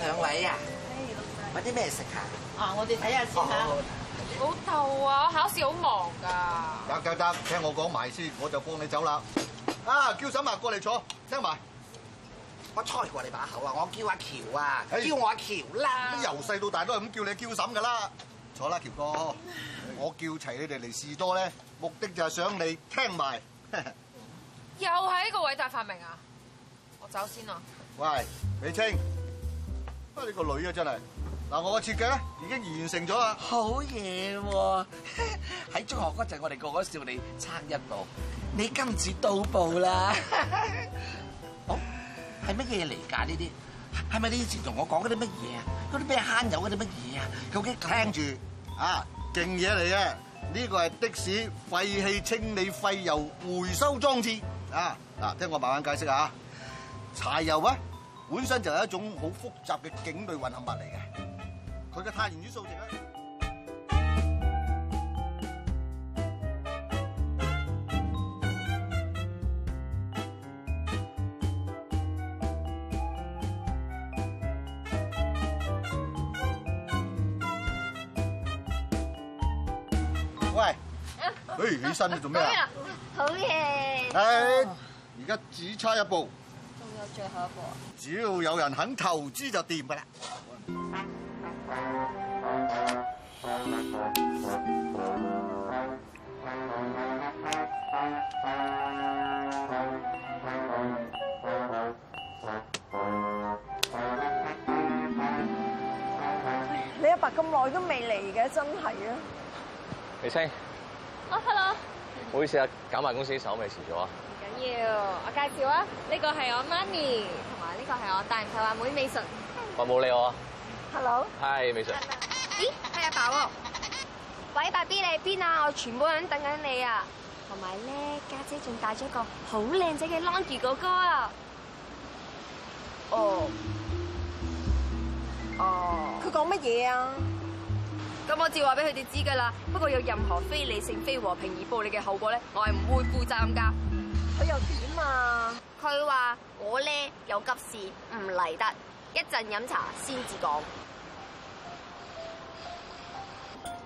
兩位啊，揾啲咩食嚇？啊，我哋睇下先嚇。老豆啊，我考試好忙噶。有夠得，聽我講埋先，我就放你走啦。啊，叫沈啊，過嚟坐，聽埋。我猜過你把口啊，我叫阿橋啊，叫我阿橋啦。由細到大都係咁叫你嬌嬸噶啦。坐啦，喬哥，我叫齊你哋嚟士多咧，目的就係想你聽埋。哈哈又係一個偉大發明啊！我先走先啊。喂，李清。乜你這個女啊真係嗱，我個設計咧已經完成咗啦，啊。好嘢喎！喺中學嗰陣，我哋個個笑你差一步，你今次到步啦， 哦。好係乜嘢嚟噶？呢啲係咪你以前同我講嗰啲乜嘢啊？嗰啲咩慳油嗰啲乜嘢啊？究竟聽住啊，勁嘢嚟啊！呢個係的士廢氣清理廢油回收裝置啊！嗱，聽我慢慢解釋啊！柴油啊！本身就係一種好複雜嘅烴類混合物嚟嘅，佢嘅碳原子數值咧。喂，嘿，起身啦，做咩啊？好嘢！哎，而家只差一步。最後一個，只要有人肯投資就掂噶啦。你阿伯咁耐都未嚟嘅，真係啊！李星，啊，hello，唔好意思啊，搞埋公司手尾，我未遲咗啊。我介紹啊，呢個係我媽咪，同埋呢個係我大唔使話妹美順。我冇理我。啊。Hello Hi, uh, uh, uh。係美順。咦、hey, uh, oh. oh.，係阿爸喎。喂，爸 B，你邊啊？我全部人等緊你啊！同埋咧，家姐仲帶咗一個好靚仔嘅 Longie 哥哥啊。哦。哦。佢講乜嘢啊？咁我就話俾佢哋知噶啦。不過有任何非理性、非和平而暴力嘅後果咧，我係唔會負責任噶。佢又點啊？佢話我咧有急事唔嚟得，一陣飲茶先至講。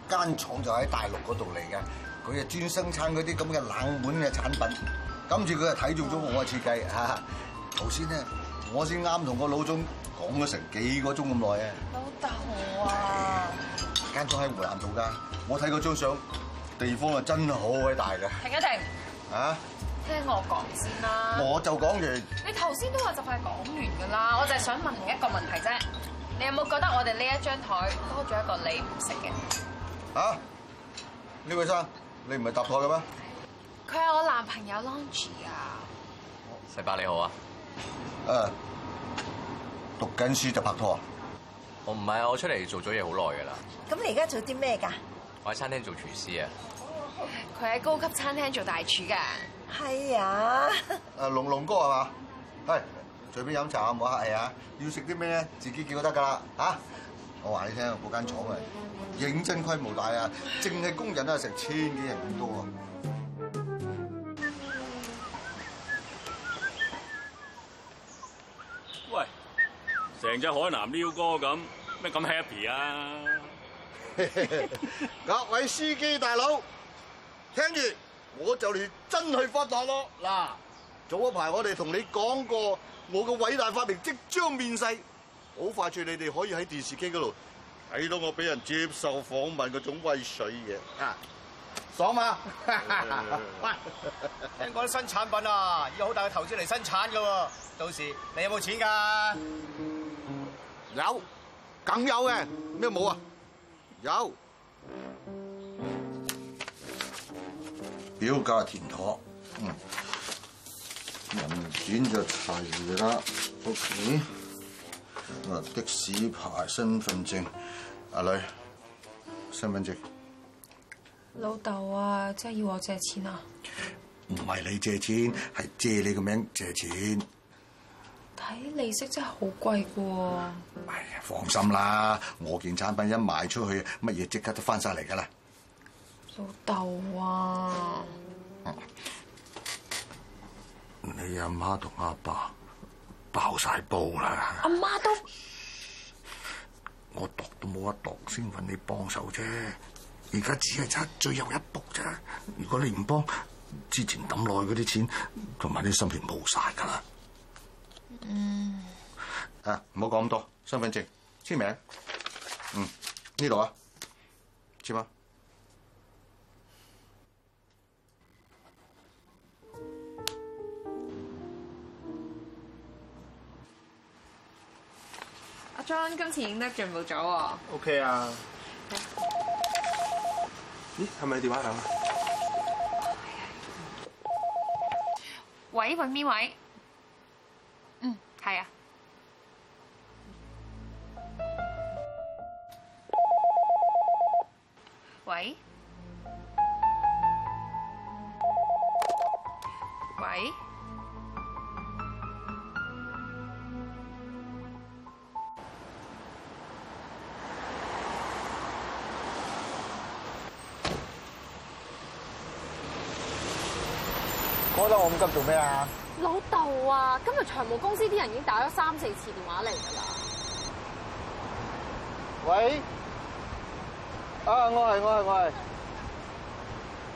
間廠就喺大陸嗰度嚟嘅。佢啊專生產嗰啲咁嘅冷門嘅產品，今次佢啊睇中咗我嘅設計嚇。頭先咧，我先啱同個老總講咗成幾個鐘咁耐啊。老豆啊，間廠喺湖南做噶。我睇過張相，地方啊真係好鬼大嘅。停一停啊！聽我講先啦，我就講完。你頭先都話就快講完噶啦，我就係想問你一個問題啫。你有冇覺得我哋呢一張台多咗一個你唔識嘅？啊，呢位生，你唔係搭台嘅咩？佢係我男朋友 Longie 啊。細伯你好啊，誒、uh,，讀緊書就拍拖？我唔係啊，我出嚟做咗嘢好耐噶啦。咁你而家做啲咩噶？我喺餐廳做廚師啊。佢喺高級餐廳做大廚噶，係啊。誒，龍龍哥係嘛？係，隨便飲茶啊，唔好客氣啊。要食啲咩，自己叫就得噶啦，吓。我話你聽，嗰間廠啊，認真規模大啊，淨係工人都係，成千幾人咁多啊。喂，成隻海南鷯哥咁，咩咁 happy 啊？ 各位司機大佬。聽住，我就嚟真去發達咯。嗱，早一排我哋同你講過，我嘅偉大發明即將面世，好快脆你哋可以喺電視機嗰度睇到我俾人接受訪問嗰種威水嘢。啊，爽嘛？喂，聽講啲新產品啊，要好大嘅投資嚟生產噶，到時你有冇錢噶？有，梗有嘅。咩冇啊？有。表格填妥，嗯，文件就齊噶啦。OK，我的士牌、身份證，阿女，身份證。老豆啊，真係要我借錢啊？唔係你借錢，係借你個名借錢。睇利息真係好貴噶。哎呀，放心啦，我件產品一賣出去，乜嘢即刻都翻晒嚟噶啦。老豆啊！你阿媽同阿爸爆晒煲啦！阿媽都，我度都冇得度先揾你幫手啫。而家只係差最後一步啫。如果你唔幫，之前抌耐嗰啲錢同埋啲芯片冇晒噶啦。嗯。啊，唔好講咁多，身份證，簽名。嗯，呢度啊，簽啊。裝今次影得準備咗喎。O K 啊。咦，係咪你電話響啊？喂，搵邊位？嗯，係啊。我咁急做咩啊？老豆啊，今日財務公司啲人已經打咗三四次電話嚟噶啦。喂，啊，我係我係我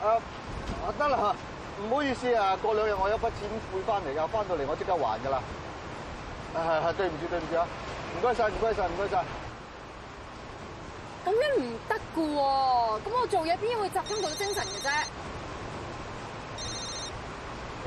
係。啊，得啦，唔好意思啊，過兩日我有筆錢會翻嚟噶，翻到嚟我即刻還噶啦。係係，對唔住對唔住啊，唔該晒唔該晒唔該晒。咁樣唔得噶喎，咁我做嘢邊會集中到精神嘅啫？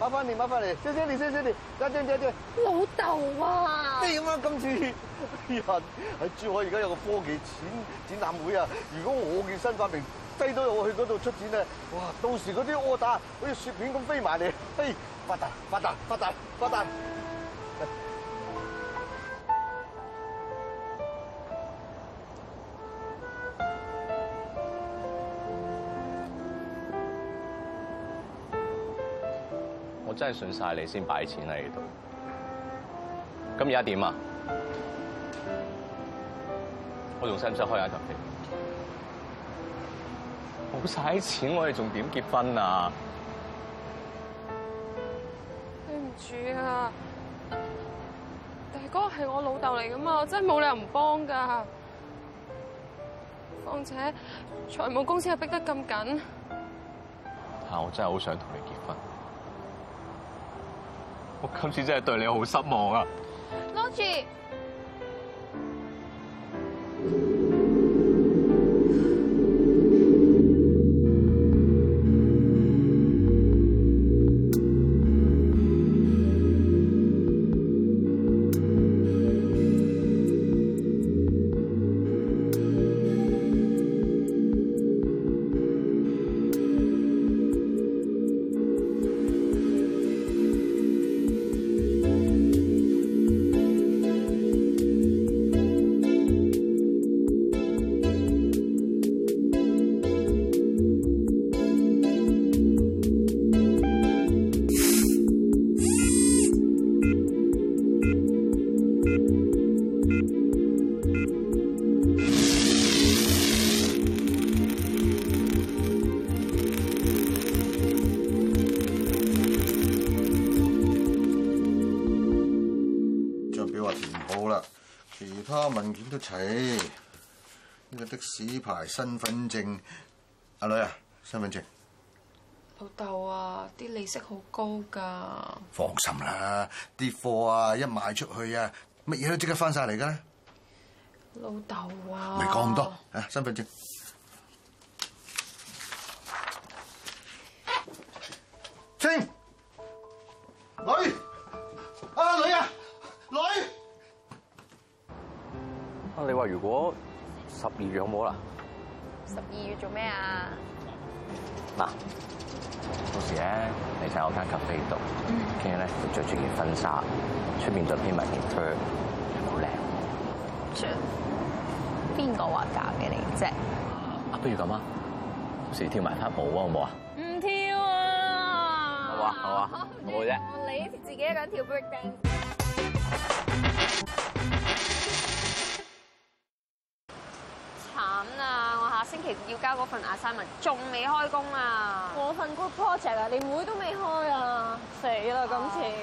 麻煩你，麻煩你，謝謝你，謝謝你，加聲，加聲，謝謝你，謝謝你老豆啊！這！咩咁樣今次呀？喺珠海而家有個科技展展覽會啊！如果我件新發明劑都我去嗰度出展咧，哇！到時嗰啲柯打好似雪片咁飛埋嚟，嘿！發達，發達，發達，發達，啊。真係信晒你先擺錢喺度，咁而家點啊？我仲使唔使開下頭皮？冇晒錢，我哋仲點結婚啊？對唔住啊，大哥係我老豆嚟㗎嘛，我真係冇理由唔幫㗎。況且財務公司又逼得咁緊，嚇！我真係好想同你結婚。我今次真係對你好失望啊！都齊，呢、這個的士牌身分、身份證，阿女啊，身份證。老豆啊，啲利息好高噶。放心啦，啲貨啊，一賣出去啊，乜嘢都即刻翻晒嚟噶。老豆。啊，咪講咁多，吓身份證。清。喂。你話如果十二月好唔好啦？十二月做咩啊？嗱、嗯，到時咧，你喺我間咖啡度，跟住咧着住件婚紗，出面著批墨鏡，佢好靚。真？邊個話嫁畀你啫？啊，不如咁啊，到時跳埋翻舞啊，好唔好啊？唔跳啊？好，好啊，好啊，好嘅啫。你自己一個人跳 breaking 其實要交嗰份 assignment 仲未開工啊！我份 group project 啊，連會都未開啊！死啦！今次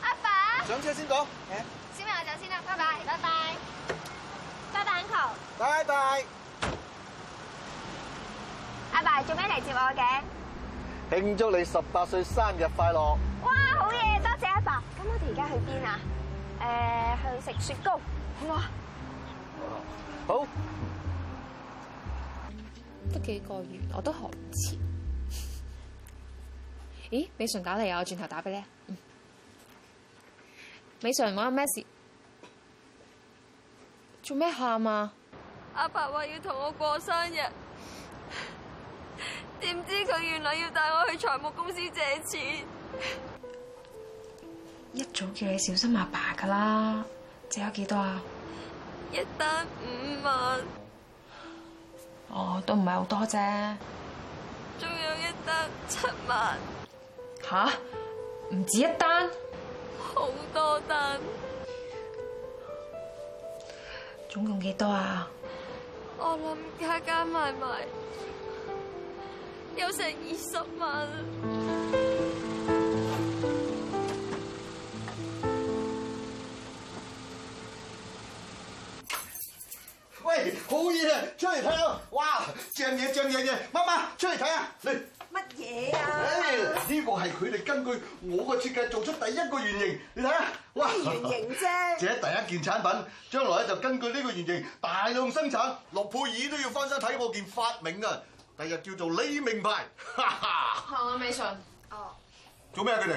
阿爸上車先到，小明我走先啦，拜拜，拜拜，拜拜，Uncle，拜拜。阿爸做咩嚟接我嘅？慶祝你十八歲生日快樂！哇，好嘢，多謝阿爸。咁我哋而家去邊啊？誒、uh，去食雪糕，好冇？好，都幾個月，我都學唔切。咦，美順搞嚟啊，我轉頭打俾你。嗯，美順，我有咩事？做咩喊啊？阿伯話要同我過生日，點知佢原來要帶我去財務公司借錢。一早叫你小心阿爸噶啦，借咗幾多啊？一單五萬，哦，都唔係好多啫。仲有一單七萬，吓、啊？唔止一單？好多單，總共幾多啊？我諗加加埋埋有成二十萬。出嚟睇下，哇，正嘢正嘢嘢，媽媽出嚟睇下，嚟，乜、哎、嘢啊？呢個係佢哋根據我嘅設計做出第一個原型，你睇下。哇，原型啫。這第一件產品，將來咧就根據呢個原型大量生產，諾貝爾都要翻身睇我件發明㗎！第日叫做李明牌，哈哈信。阿美順，哦。做咩啊？佢哋？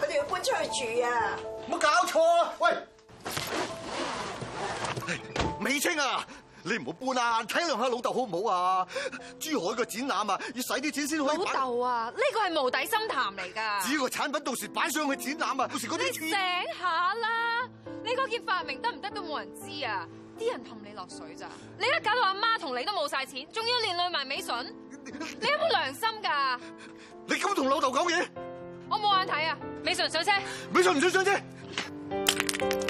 佢哋要搬出去住啊！冇搞錯啊！喂，美、哎、清啊！你唔好搬啊！體諒下老豆好唔好啊？珠海個展覽啊，要使啲錢先可以。老豆啊，呢個係無底深潭嚟㗎。只要個產品到時擺上去展覽啊，到時嗰啲錢你醒下啦！你嗰件發明得唔得都冇人知啊！啲人氹你落水咋？你而家搞到阿媽同你都冇晒錢，仲要連累埋美順，你有冇良心㗎？你咁同老豆講嘢？我冇眼睇啊！美順上車，美順唔想上車。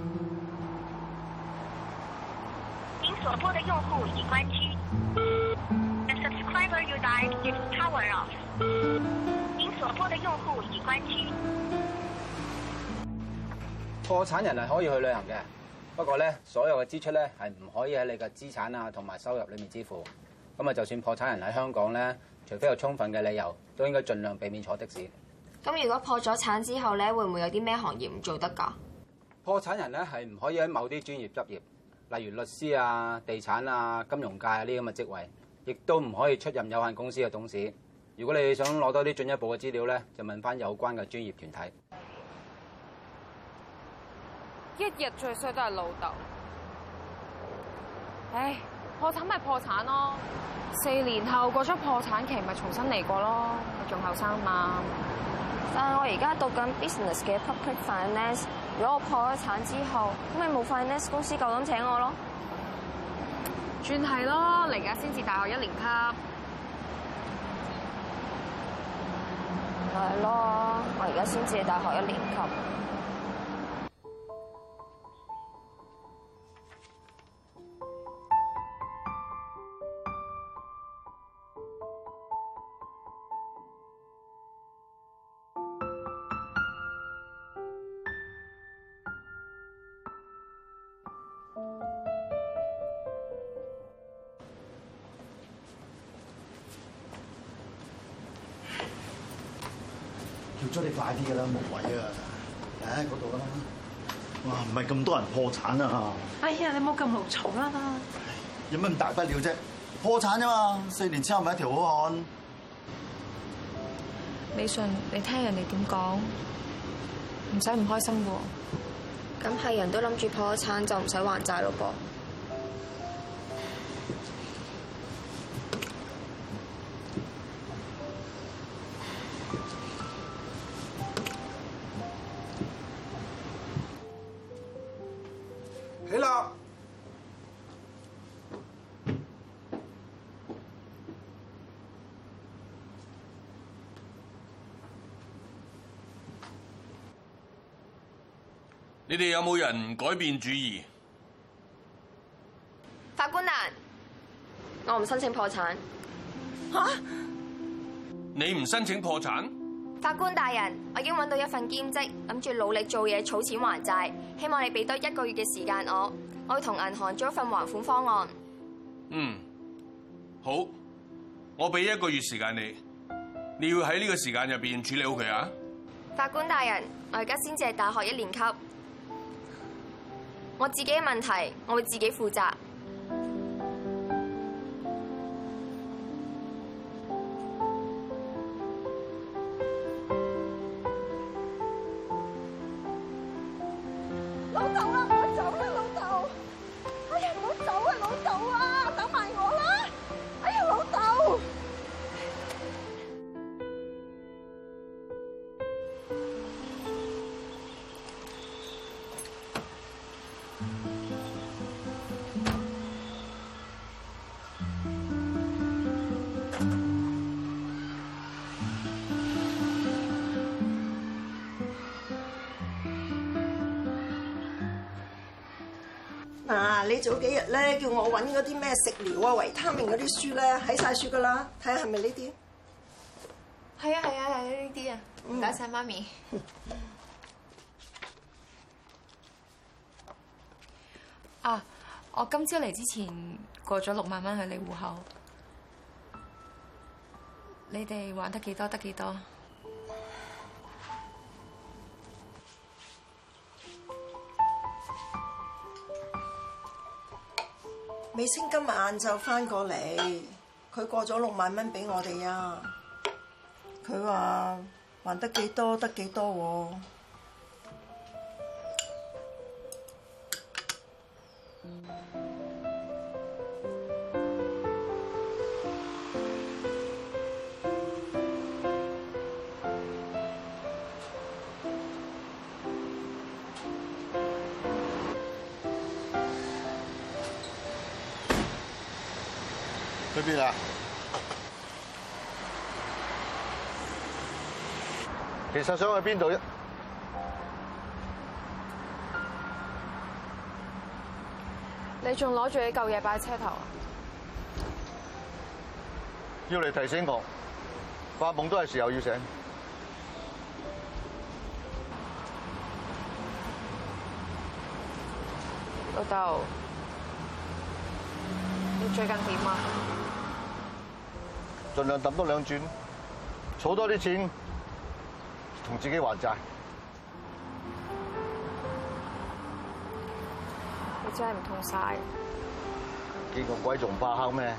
破產人係可以去旅行嘅，不過呢，所有嘅支出呢係唔可以喺你嘅資產啊同埋收入裏面支付。咁啊，就算破產人喺香港呢，除非有充分嘅理由，都應該盡量避免坐的士。咁如果破咗產之後呢，會唔會有啲咩行業唔做得㗎？破產人呢係唔可以喺某啲專業執業，例如律師啊、地產啊、金融界啊呢啲咁嘅職位，亦都唔可以出任有限公司嘅董事。如果你想攞多啲進一步嘅資料呢，就問翻有關嘅專業團體。一日最衰都係老豆，唉，破產咪破產咯，四年後過咗破產期咪重新嚟過咯，仲後生嘛，但係我而家讀緊 business 嘅 public finance，如果我破咗產之後，咁你冇 finance 公司夠膽請我咯？算係咯，你而家先至大學一年級，係咯，我而家先至大學一年級。要咗你快啲噶啦，冇位啊！喺嗰度啦，哇，唔係咁多人破產啊！哎呀，你冇咁無嘈啦！有乜咁大不了啫？破產啫嘛，四年之後咪一條好漢。美純，你聽人哋點講，唔使唔開心喎。咁係人都諗住破咗產就唔使還債咯噃。喺啦！你哋有冇人改變主意？法官啊，我唔申請破產。啊？你唔申請破產？法官大人，我已經揾到一份兼職，諗住努力做嘢儲錢還債，希望你俾多一個月嘅時間我，我要同銀行做一份還款方案。嗯，好，我俾一個月時間你，你要喺呢個時間入邊處理好佢啊。法官大人，我而家先至係大學一年級，我自己嘅問題我會自己負責。啊！你早幾日咧叫我揾嗰啲咩食療啊維他命嗰啲書咧，睇晒書噶啦，睇下係咪呢啲？係啊係啊係啊呢啲啊！唔該晒媽咪。啊！我今朝嚟之前過咗六萬蚊去你戶口，你哋玩得幾多得幾多？美青今日晏晝返過嚟，佢過咗六萬蚊俾我哋啊！佢話還得幾多得幾多喎。其實想去邊度啫？你仲攞住啲舊嘢擺喺車頭，要你提醒我，發夢都係時候要醒。老豆，你最近點啊？盡量揼多兩轉，儲多啲錢。同自己還債，你真係唔同晒，見過鬼仲怕黑咩？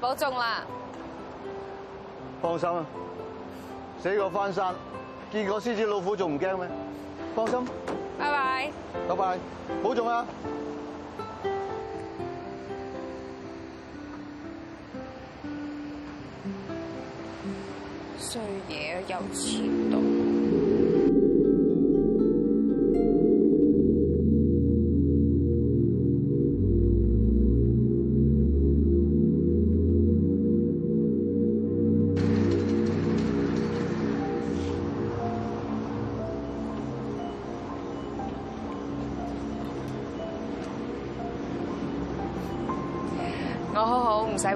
保重啦，放心啊！死過翻山，見過獅子老虎，仲唔驚咩？放心，拜拜，拜拜，保重啊！衰嘢有錢。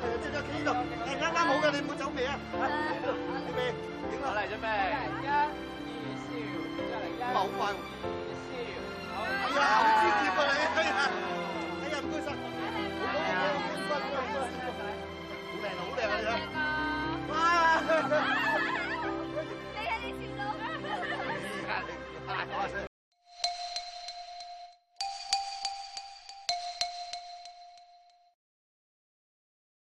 即刻企喺度，誒，啱啱好嘅，你唔好走味啊！準備，影落嚟，嚟準備。一、二、笑，再嚟一，好快，二、笑，係啊，好專業啊你，睇下，哎呀唔該曬，好靚啊，好靚啊，哇！你係你潮佬，哎呀，太開心。